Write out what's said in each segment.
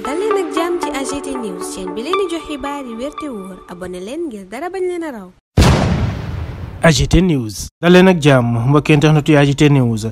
dal leen ak jàmm ci AGT news chaîne bi leen di jox xibaar te wóor abonné leen ngir dara bañ leen a raw. AGT news. dal leen ak jàmm mbokki internet yi AGT news.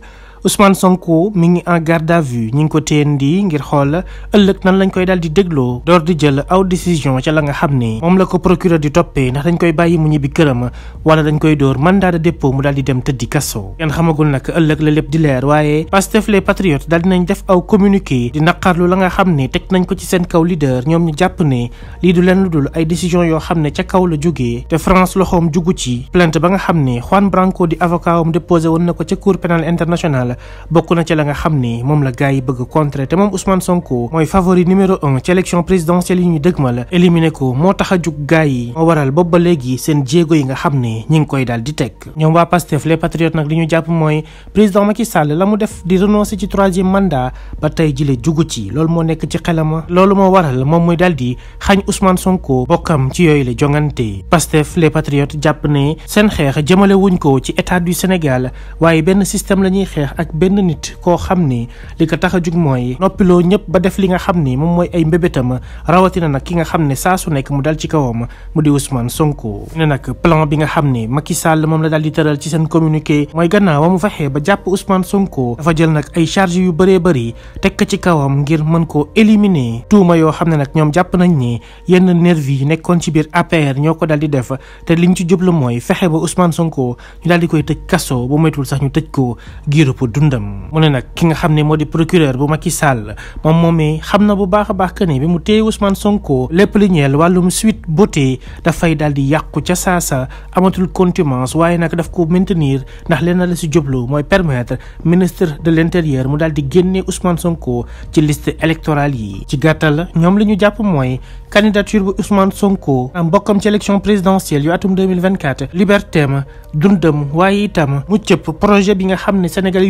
Ousmane Sonko mi ngi en garde à vue ñi ngi ko téen di ngir xool ëllëg nan lañ koy daal di dégloo door di jël aw décision ca la nga xam ne moom la ko procureur di toppee ndax dañ koy bàyyi mu ñibbi këram wala dañ koy door mandat de dépôt mu daal di dem tëddi kaso kenn xamagul nag ëllëg la lépp di leer waaye Pastef les patriotes daal dinañ def aw communiqué di naqarlu la nga xam ne teg nañ ko ci seen kaw leader ñoom ñu jàpp ne lii du leen lu dul ay décision yoo xam ne ca kaw la jógee te France loxoom jugu ci plainte ba nga xam ne Juan Branco di avocat wam déposé woon na ko ca cour pénale internationale nationale bokk na la nga xam ne moom la gars yi bëgg contrer te moom Ousmane Sonko mooy favori numéro un ci élection présidentielle yi ñu dëgmal éliminé ko moo tax a jug gars yi moo waral boobu ba léegi seen jéego yi nga xam ne ñi ngi koy daal di teg ñoom waa Pastef les patriot nag li ñu jàpp mooy président Macky Sall la mu def di renoncer ci troisième mandat ba tey jile jugu ci loolu moo nekk ci xelama loolu moo waral moom muy daal di xañ Ousmane Sonko bokkam ci yooyu la jongante Pastef les patriotes jàpp ne seen xeex jëmale ko ci état du Sénégal waaye benn système la ñuy xeex ak benn nit koo xam ne li ko tax a jug mooy noppiloo ñëpp ba def li nga xam ni moom mooy ay mbébétam rawatina nag ki nga xam ne saa su nekk mu dal ci kawam mu di Ousmane Sonko. ne nag plan bi nga xam ni Macky Sall moom la daal di tëral ci seen communiqué mooy gannaaw mu fexe ba jàpp Ousmane Sonko dafa jël nag ay charge yu bëree bëri teg ko ci kawam ngir mën koo éliminer tuuma yoo xam ne nag ñoom jàpp nañ ni yenn nervi yi nekkoon ci biir APR ñoo ko daal di def te liñ ci jublu mooy fexe ba Ousmane Sonko ñu daal di koy tëj kaso bu moytul sax ñu tëj ko giiru pour dundam mu ne nag ki nga xam ne moo di procureur bu Macky Sall moom moomee xam na bu baax a baax que ni bi mu téye Ousmane Sonko lépp li ñeel wàllum Sweet Beauté dafay daal di yàqu ca saasa amatul contumace waaye nag daf ko maintenir ndax lenn la si jublu mooy permetre ministre de l'intérieur mu daal di génne Ousmane Sonko ci liste électorale yi ci gàttal ñoom li ñu jàpp mooy candidature bu Ousmane Sonko am bokkam ci élection présidentielle yu atum 2024 liberté ma dundam waaye itam mu cëpp projet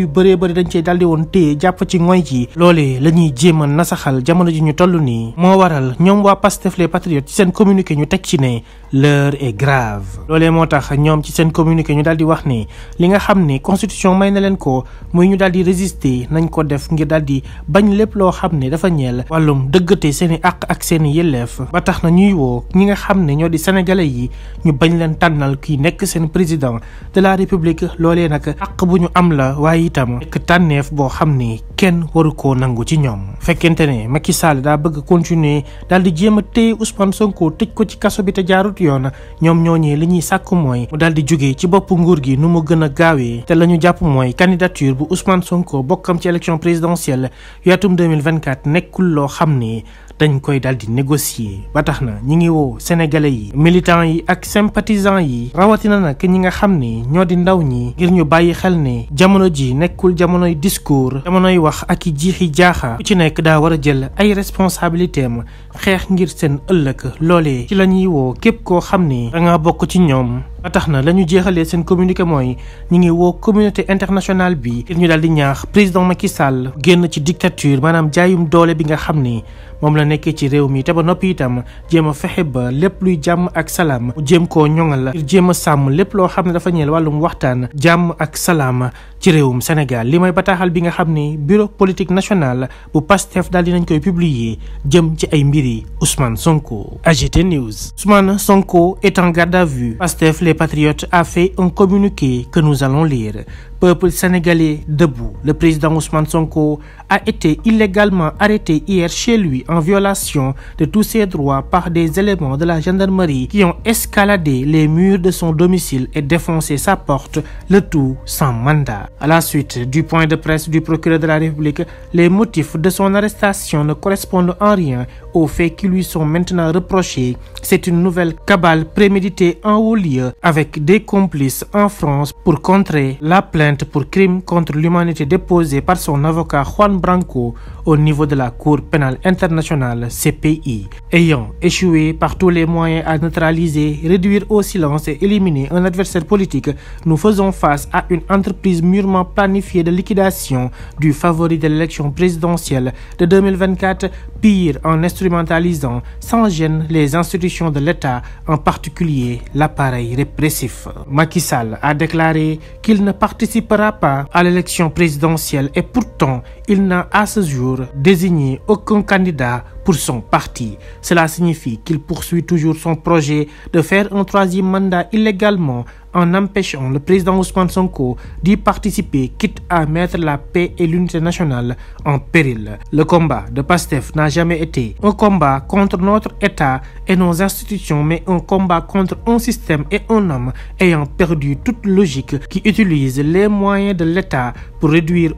bëree bëri dañ cee daldi woon téye jàpp ci ngoy ji loolee la ñuy jéem a nasaxal jamono ji ñu toll nii moo waral ñoom waa Pastef les patriotes ci seen communiqué ñu teg ci ne l'heure est grave loolee moo tax ñoom ci seen communiqué ñu daldi wax ne li nga xam ne constitution may na leen ko muy ñu daldi résister nañ ko def ngir daldi bañ lépp loo xam ne dafa ñeel wàllum dëggate seen i àq ak seen i yelleef ba tax na ñuy woo ñi nga xam ne ñoo di sénégalais yi ñu bañ leen tànnal kii nekk seen président de la république loolee nag àq bu ñu am itam nekk tànneef boo xam ni kenn waru koo nangu ci ñoom fekkente ne Macky daa bëgg continuer daal di jéem a téye Sonko tëj ko ci kaso bi te jaarut yoon ñoom ñooñee li ñuy sàkk mooy mu daal di jóge ci bopp nguur gi nu mu gën a gaawee te la ñu jàpp mooy candidature bu Ousmane Sonko bokkam ci élection présidentielle yu atum 2024 nekkul loo xam ni dañ koy daal di négocier ba tax na ñi ngi woo sénégalais yi militants yi ak sympathisants yi rawatina nag ñi nga xam ni ñoo nekkul jamonoy discours jamonoy wax ak i jiixi jaaxaa ku ci nekk daa war a jël ay responsabilité am xeex ngir seen ëllëg loolee ci la ñuy woo képp koo xam ni da nga bokk ci ñoom tax na la ñu jeexalee seen communiqué mooy ñu ngi woo communauté internationale bi ngir ñu daal di ñaax président Macky Sall génn ci doole bi nga xam ni moom la nekkee ci réew mi te ba noppi itam jéem a fexe ba lépp luy jàmm ak salaam mu jéem koo ñoŋal ngir jéem a sàmm lépp loo xam ne dafa ñeel wàllum waxtaan jàmm ak salaam ci réewum senegal li mooy bataaxal bi nga xam ni bureau politique national bu PASTEF daal nañ koy publier jëm ci ay mbiri Ousmane Sonko AGT News Ousmane Sonko est garde à vue PASTEF patriotes a fait un communiqué que nous allons lire. Peuple sénégalais debout. Le président Ousmane Sonko a été illégalement arrêté hier chez lui en violation de tous ses droits par des éléments de la gendarmerie qui ont escaladé les murs de son domicile et défoncé sa porte, le tout sans mandat. À la suite du point de presse du procureur de la République, les motifs de son arrestation ne correspondent en rien aux faits qui lui sont maintenant reprochés. C'est une nouvelle cabale préméditée en haut lieu avec des complices en France pour contrer plainte pour crime contre l'humanité déposée par son avocat Juan Branco au niveau de la Cour pénale internationale CPI. Ayant échoué par tous les moyens à neutraliser, réduire au silence et éliminer un adversaire politique, nous faisons face à une entreprise mûrement planifiée de liquidation du favori de l'élection présidentielle de Pire, en instrumentalisant sans gêne les institutions de l'État, en particulier l'appareil répressif. Macky Sall a déclaré qu'il ne participera pas à l'élection présidentielle et pourtant il n'a à ce jour désigné aucun candidat pour son parti. Cela signifie qu'il poursuit toujours son projet de faire un troisième mandat illégalement en empêchant le président Ousmane Sonko d'y participer, quitte à mettre la paix et l'unité nationale en péril. Le combat de Pastef n'a jamais été un combat contre notre État et nos institutions, mais un combat contre un système et un homme ayant perdu toute logique qui utilise les moyens de l'État pour réduire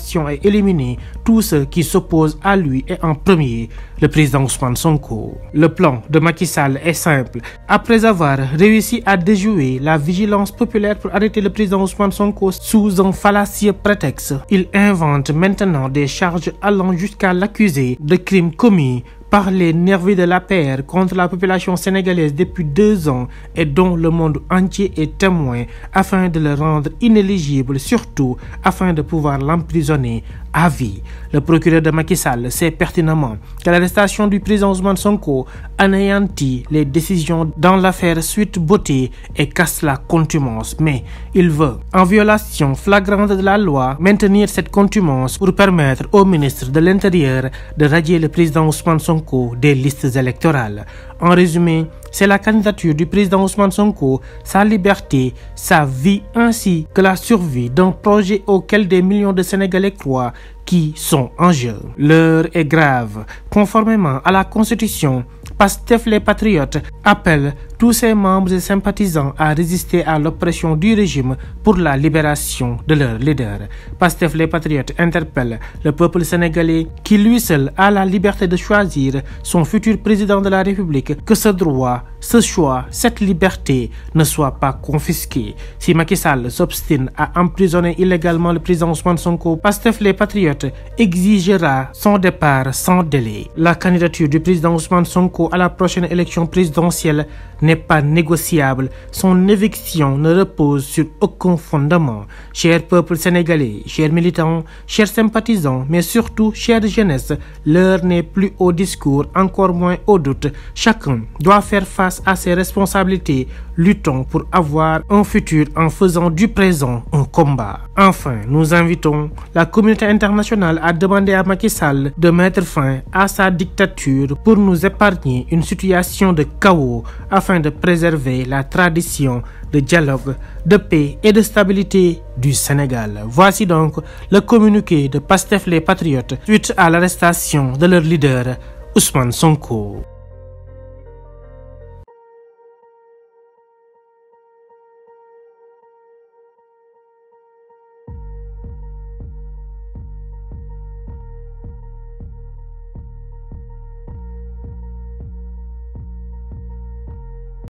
nation et éliminer tous ceux qui s'opposent à lui et en premier le président Ousmane Sonko. Le plan de Macky Sall est simple. Après avoir réussi à déjouer la vigilance populaire pour arrêter le président Ousmane Sonko sous un fallacieux prétexte, il invente maintenant des charges allant jusqu'à l'accuser de crimes commis par les nervis de la paire contre la population sénégalaise depuis deux ans et dont le monde entier est témoin afin de le rendre inéligible, surtout afin de pouvoir l'emprisonner à vie. Le procureur de Macky Sall sait pertinemment que l'arrestation du président Ousmane Sonko anéantit les décisions dans l'affaire Sweet Beauté et casse la contumance. Mais il veut, en violation flagrante de la loi, maintenir cette contumance pour permettre au ministre de l'Intérieur de radier le président Ousmane Sonko des listes électorales. En résumé, C'est la candidature du président Ousmane Sonko, sa liberté, sa vie ainsi que la survie d'un projet auquel des millions de Sénégalais croient qui sont en jeu. L'heure est grave. Conformément à la Constitution, Pastef les Patriotes appelle tous ses membres et sympathisants à résister à l'oppression du régime pour la libération de leur leader. Pastef les Patriotes interpelle le peuple sénégalais qui lui seul a la liberté de choisir son futur président de la République, que ce droit, ce choix, cette liberté ne soit pas confisquée. Si Macky Sall s'obstine à emprisonner illégalement le président Ousmane Sonko, Pastef les Patriotes exigera son départ sans délai. La candidature du président Ousmane Sonko à la prochaine élection présidentielle n'est pas négociable. Son éviction ne repose sur aucun fondement. Cher peuple sénégalais, chers militants, chers sympathisants, mais surtout chère jeunesse, l'heure n'est plus au discours, encore moins au doute. Chacun doit faire face à ses responsabilités. Luttons pour avoir un futur en faisant du présent un combat. Enfin, nous invitons la communauté internationale à demander à Macky de mettre fin à sa dictature pour nous épargner une situation de chaos afin de préserver la tradition de dialogue, de paix et de stabilité du Sénégal. Voici donc la communiqué de Pastef les Patriotes suite à l'arrestation de leur leader Ousmane Sonko.